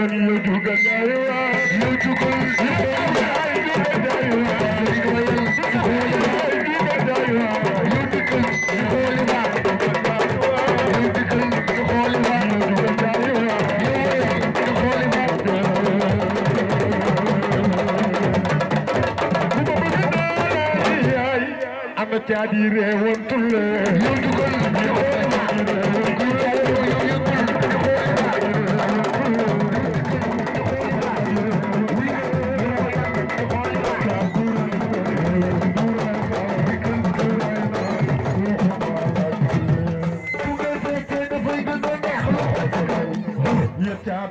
kan yoju ga daiwa yoju kan I'm a daddy, I want to learn.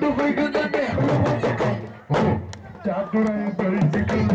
Don't do it, don't do it.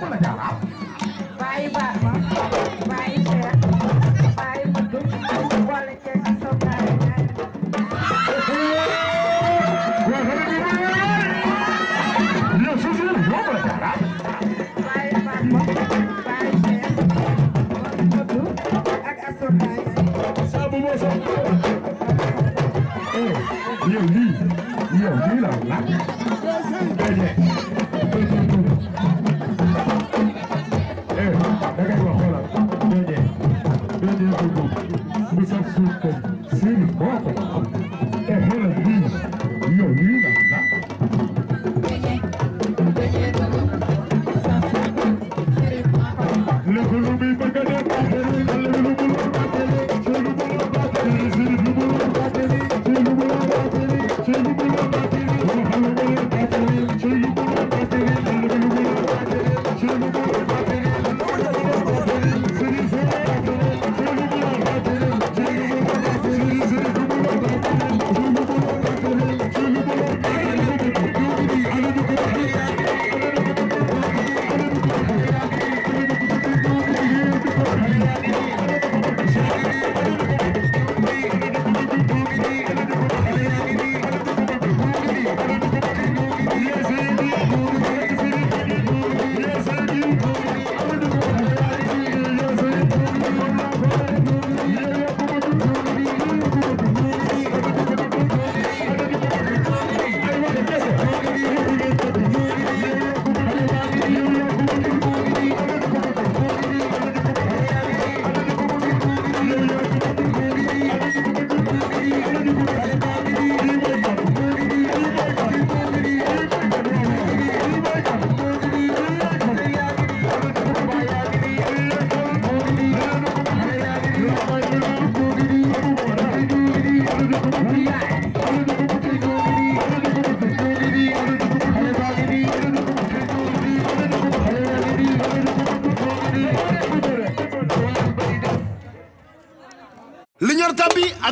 过来。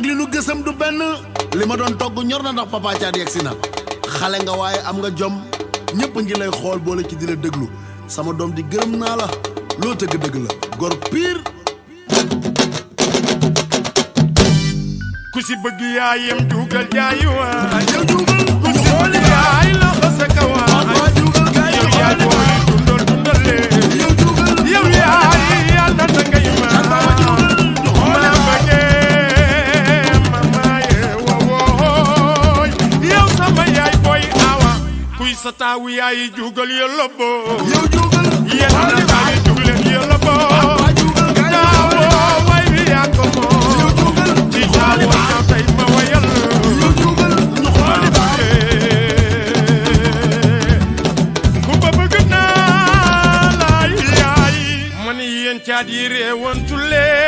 ak li nu gësam du benn li ma doon togg ñor na ndax papa caat yegg si na xale nga waaye am nga jom ñëpp ngi lay xool boole ci di la déglu sama doom di gërëm naa la loo tëgg dëgg la gor piir ku si bëgg yaayam juugal yaay waa ku si bëgg yaay sa taawu yaayi juugal ya lobboo yow juugal yéen na baayi jugleen ya lobboo jaawoo way wi yaa ko moom yow juugal di jaawoo ñaw tey ma wayal yow juugal ñu xooli baay ku ba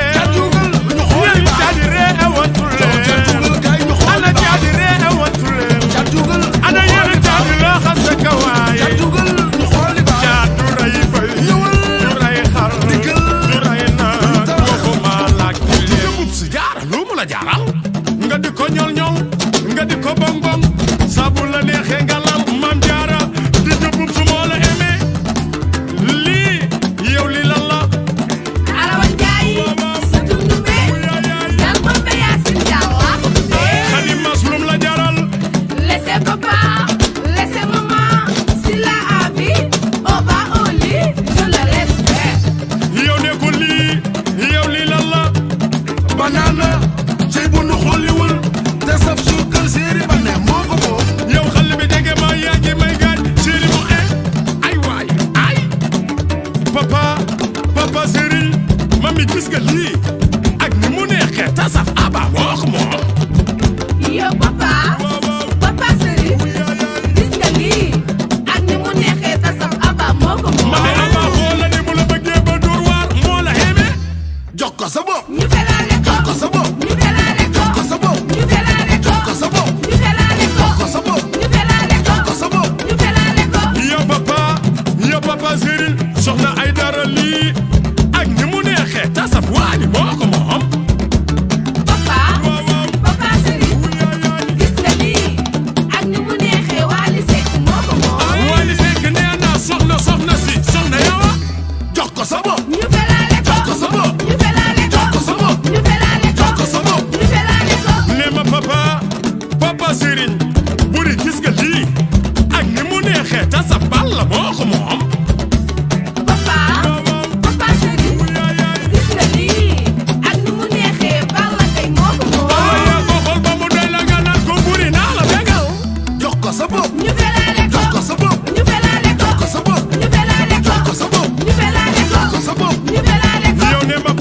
bullet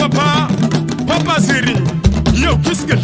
papa papa Serigne yow gis nga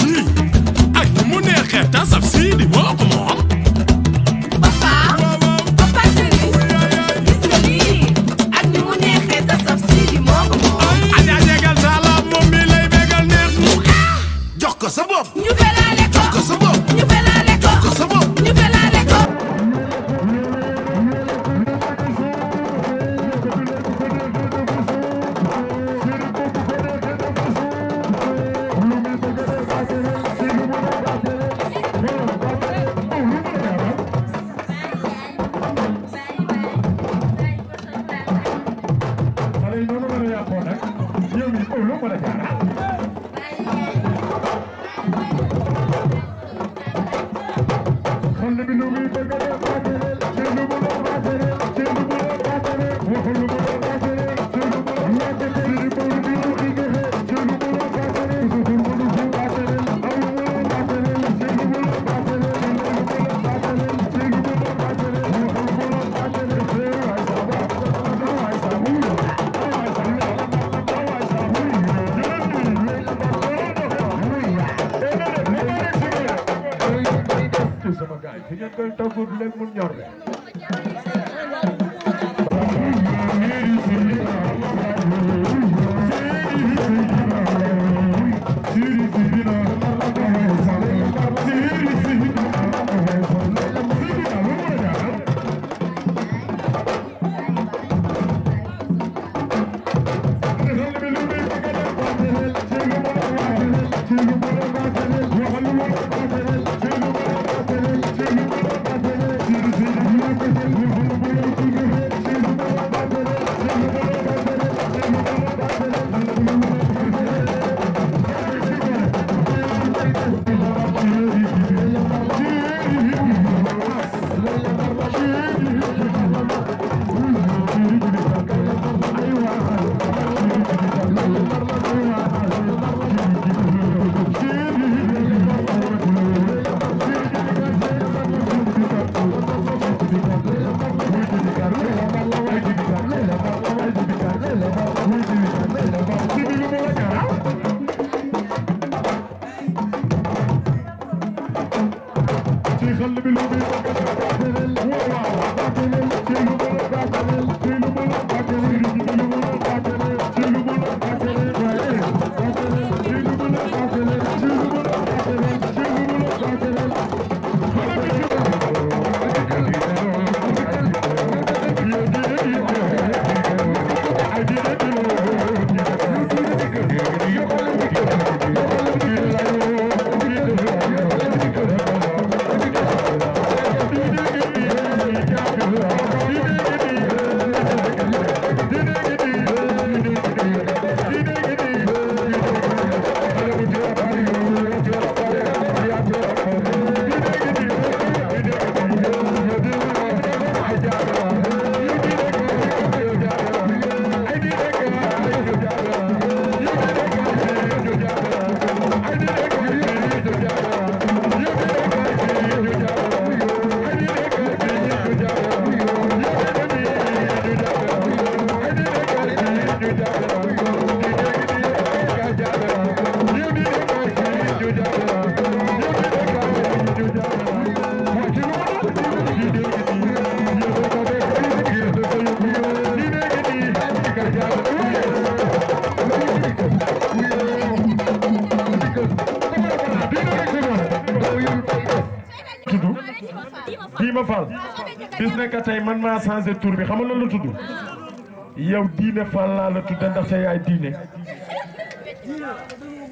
tey man maa changé tur bi xam nga lan la tudd yow diine Fall laa la tudde ndax sa yaay diine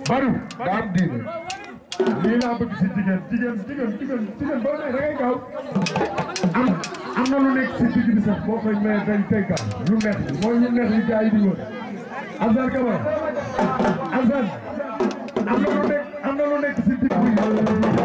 baru daa am diine lii laa bëgg si jigéen jigéen jigéen jigéen jigéen boo nee da ngay gaaw am am na lu nekk si digg bi sax boo koy maye dañ tey gaaw lu neex mooy lu neex li gars yi di wër Alassane Camara Alassane am na lu nekk am na lu nekk si digg bi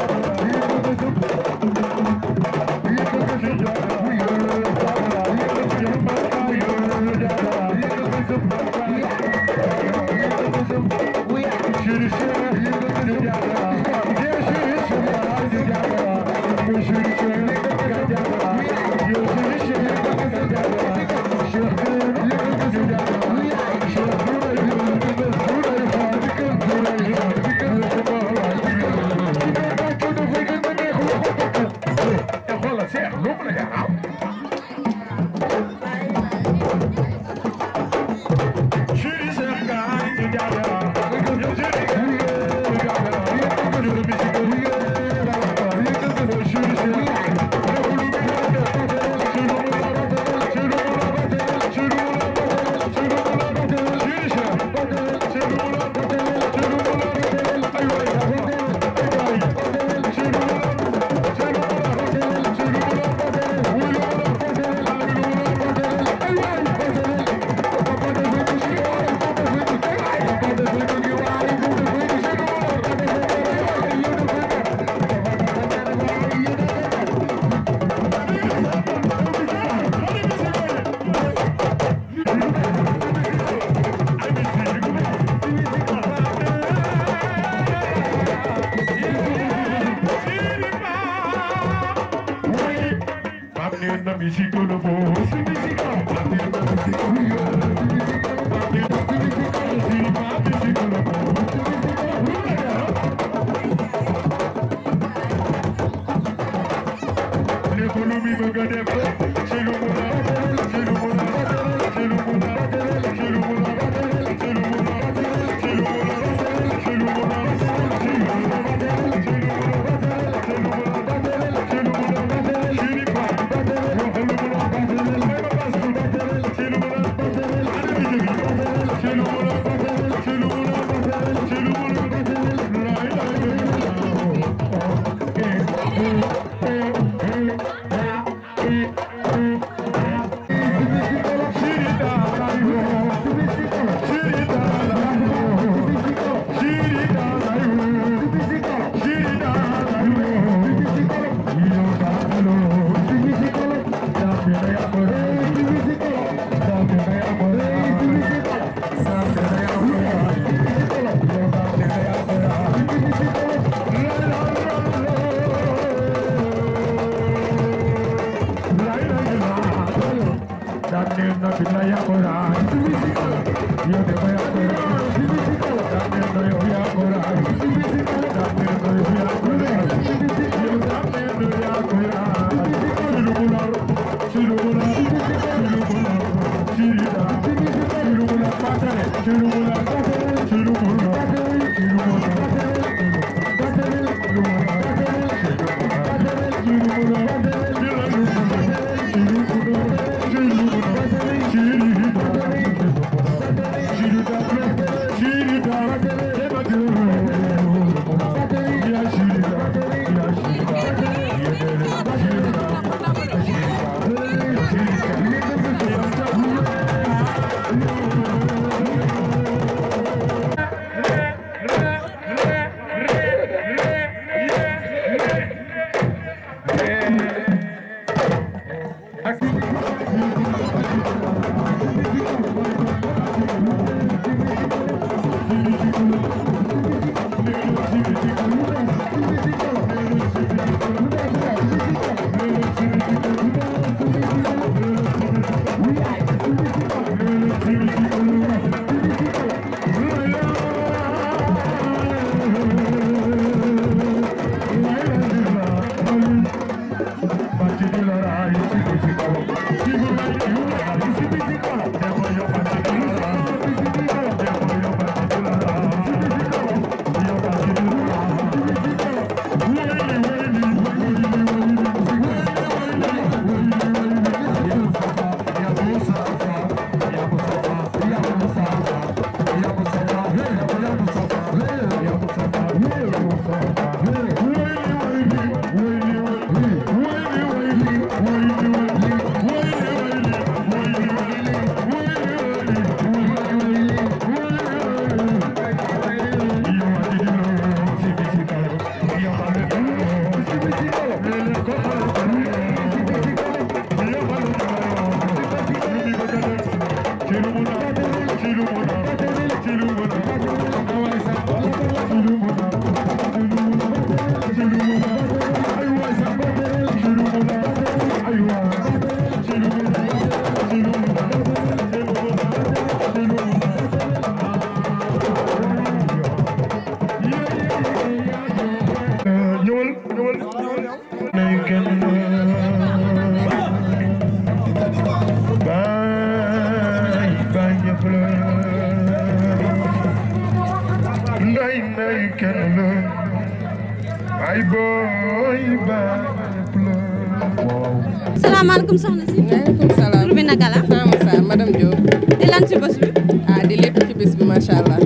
salaamaaleykum soxna si. maaleykum salaam tur bi naka la. Sama Sarr madame Diop. di lan ci bés bi. ah di lépp ci bés bi macha allah.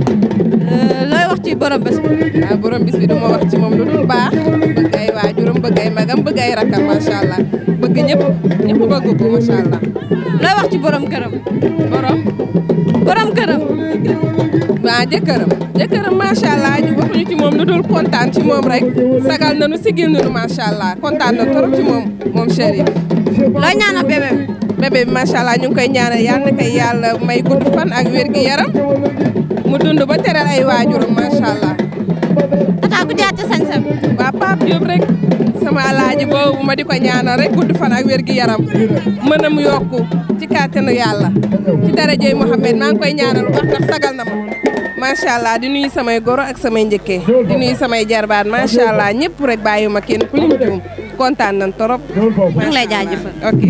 Euh, looy wax ci borom bés bi. ah wax ci moom lu dul baax bëgg ay waajuram bëgg magam bëgg ay rakkam allah bëgg ñëpp ñëpp bëgg ko macha allah. looy wax ci borom këram borom. waa jëkkëram jëkkëram macha ñu waxuñu ci moom lu dul kontaan ci moom rek sagal nañu sigil nañu macha kontaan na trop ci moom moom Chérif. loo ñaanal bébé bi. bébé bi macha allah ñu koy ñaanal yàlla na koy yàlla may gudd fan ak wér yaram mu dund ba teral ay waajuram macha allah. tata ku jaar ci sañ waa Pape Diop rek. sama alaaji boobu ma diko ñaanal rek gudd fan ak wergu yaram meunam yokku ci katenu yalla ci darajey Mouhamed ma ngi koy ñaanal wax tax sagal na ma macha allah di nuyu samay goro ak samay njëkkee di nuyu samay jarbaat macha allah rek bayuma kenn ku lim juum contane nan torop ngi lay jaajëfal ok.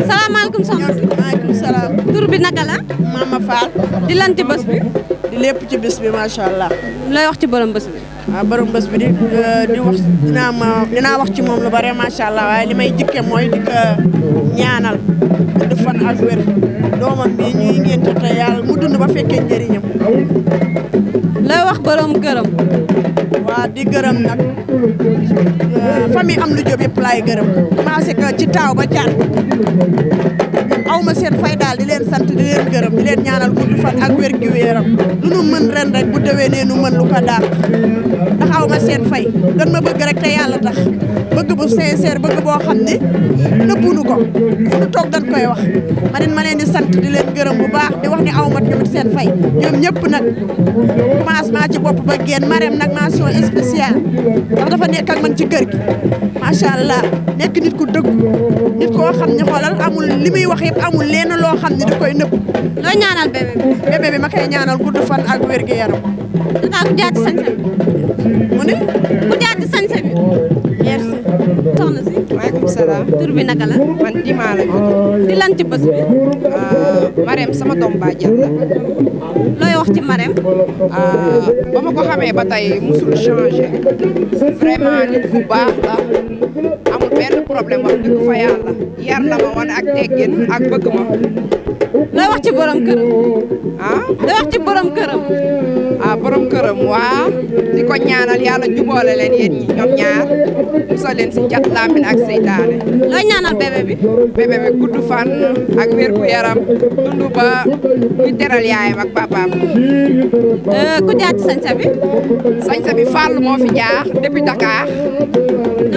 assalamu alaykum sama alaykum salam tour bi naka la. Mama Fall. di lanti bëss bi. di lepp ci bëss bi macha allah. wax ci borom bëss bi. Ah, borom bés bi di euh, di wax dinaa ma dinaa wax ci moom lu bare macha allah waaye li may jëkke mooy di ko euh, ñaanal mu dund ba fekkee njëriñam la wax borom gërëm waaw di gërëm nag euh, famille am lu jóob yëpp laay gërëm commencé que ci taaw ba caat aw ma seen fay daal di leen sant di leen gërëm di leen ñaanal gudd fan ak wér gi wéeram lu nu mën ren rek bu déwénee nu mën lu ko daax ndax ma seen fay dan ma bëgg rek te yàlla tax bëgg bu sincère bëgg boo xam ne nëbbunu ko fu nu toog dañ koy wax ma nen ma di sant di leen gërëm bu baax di wax ne aw ma tamit seen fay ñoom ñëpp nag commencement ci bopp ba génn marem nag mention spéciale ndax dafa nekk ak man ci kër gi macha allah nekk nit ku dëgg nit amul lenn loo xam ne da koy nëbb. looy ñaanal bébé bi. bébé bi ma koy ñaanal gudd fan ak wér gu yaram. dafa ku jaati sañse bi. mu ne. ku jaati sañse bi. merci. soxna si. waaleykum salaam. tur bi naka la. man dimaa la di lan ci bés bi. Ah, Marème sama doom baa looy wax ci Marème. Ah, ba ma ko xamee ba tey musul changé. vraiment nit ku baax la. ben problème wax dëgg fa yalla yar na ma won ak teggin ak bëgg ma. la wax ci borom kërëm ah la wax ci borom kërëm ah borom kërëm wa di ko ñaanal yàlla juboole len yeen ñi ñom ñaar musal len ci jat làmmiñ ak seytaane. la ñaanal bébé bi. bébé bi guddu fan ak wër gu yaram dundu ba ñu téral yaayam ak papaam. Euh, ku jaar sañ sa bi. sa bi Fall mo fi jaar depuis Dakar.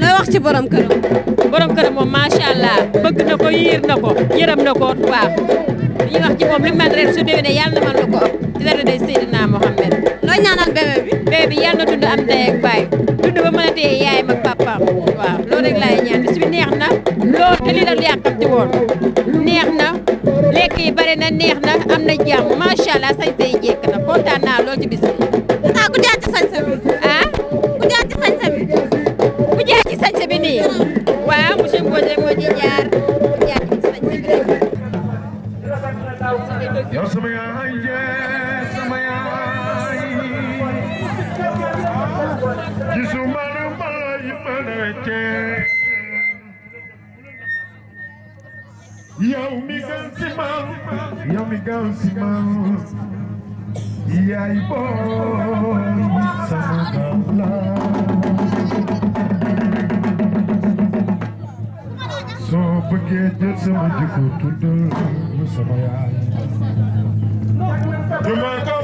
loo wax ci borom këram. borom këram moom macha allah na ko yiir na ko yërëm na ko waaw ñuy wax ci moom li man ren su déwénee yàlla na mën na ko ci la day Seydina Mohamed. loo ñaanal bébé bi. bébé bi yàlla na dund am ndey ak baay dund ba a ñaan bis bi neex na loolu te lii la yàqamti woon neex na lekk yi bare na neex na am na jàmm macha allah sañ jekk na kontaan naa lool ci bis bi. saa ah, ku jaajëf sañ sa jisumanu sou manake yow mi gën si man yow mi gën si e aí boy sama doom la soo bëggee jël sama tudo tuddal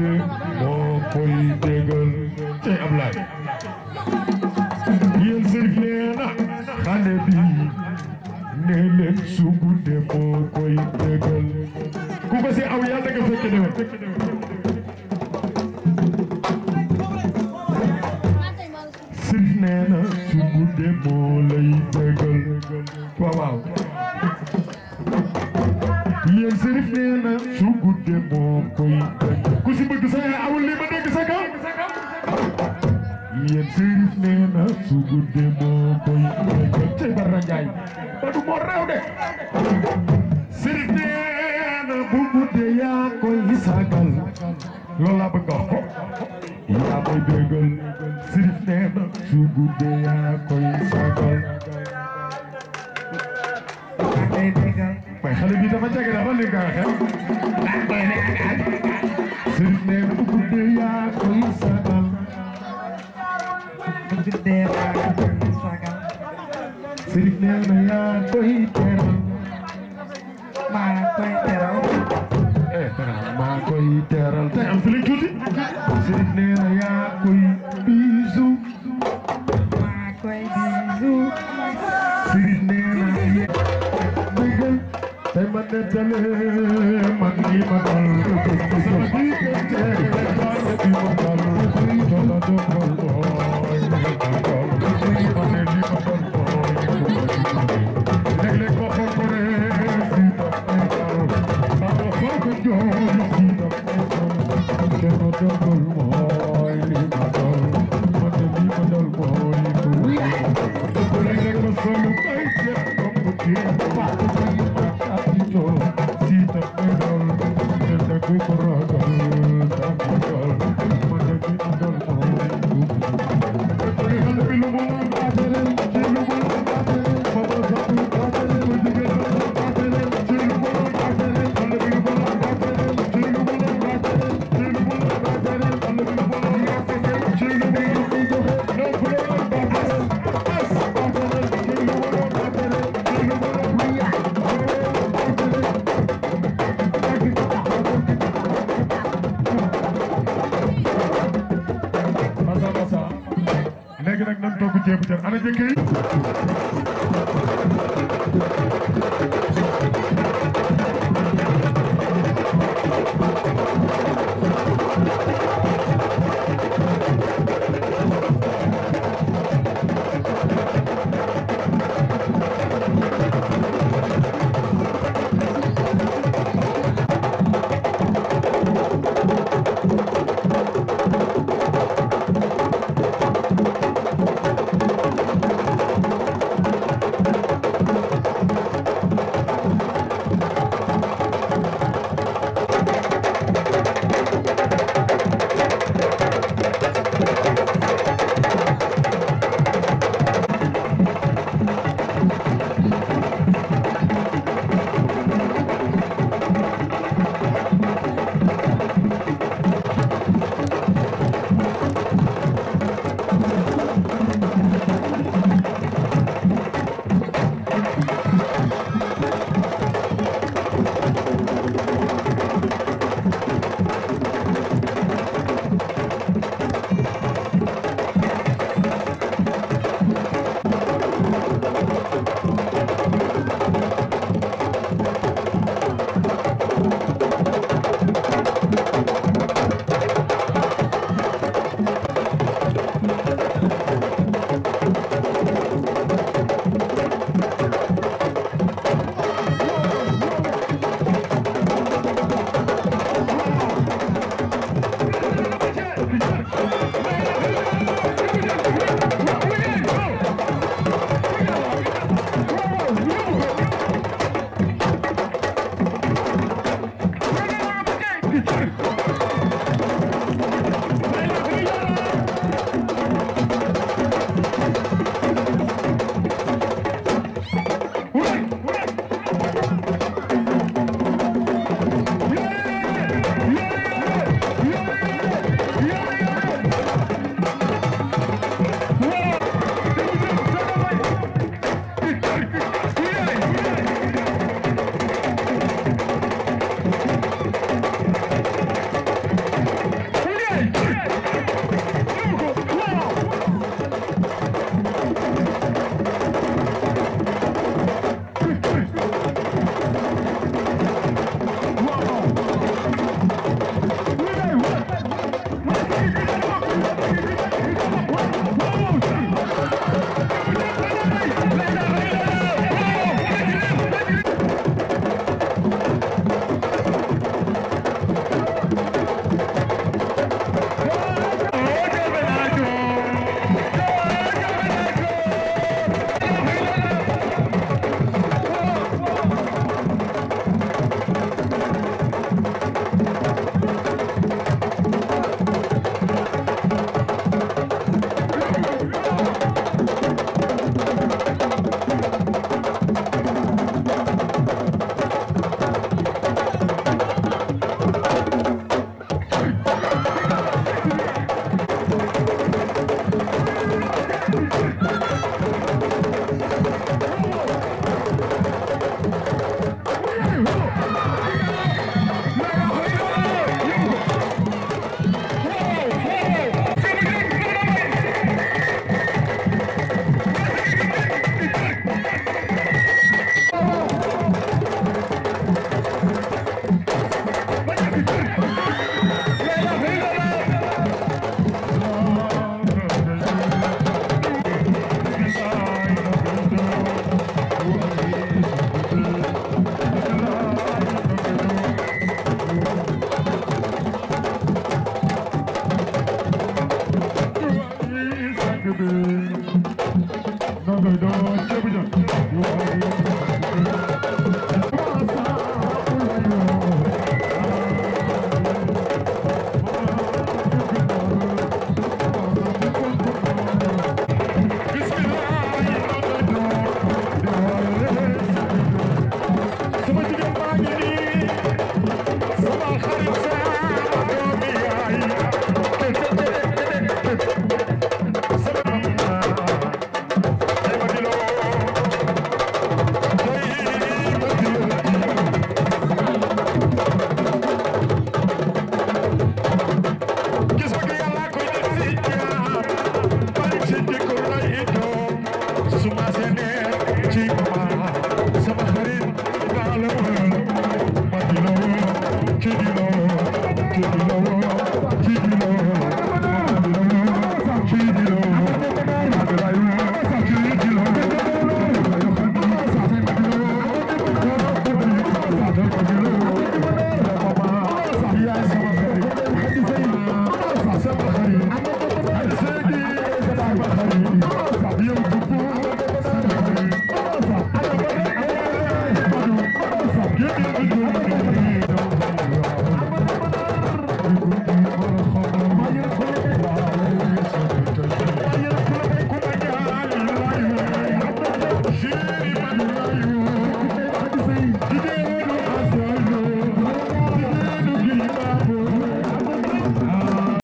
के मो कोई जगह yaa koy saagal loolu laa ko yaa koy déggal sirif nee na koy saagal waaye xale bi koy saagal maa koy teral koy teeral tey am fi lañ tuuti Serif nee na yaa koy bisu maa koy bisu Serif nee na bëggal tey ma nettale man gi ma dal ko ko ko நடந்திருக்கு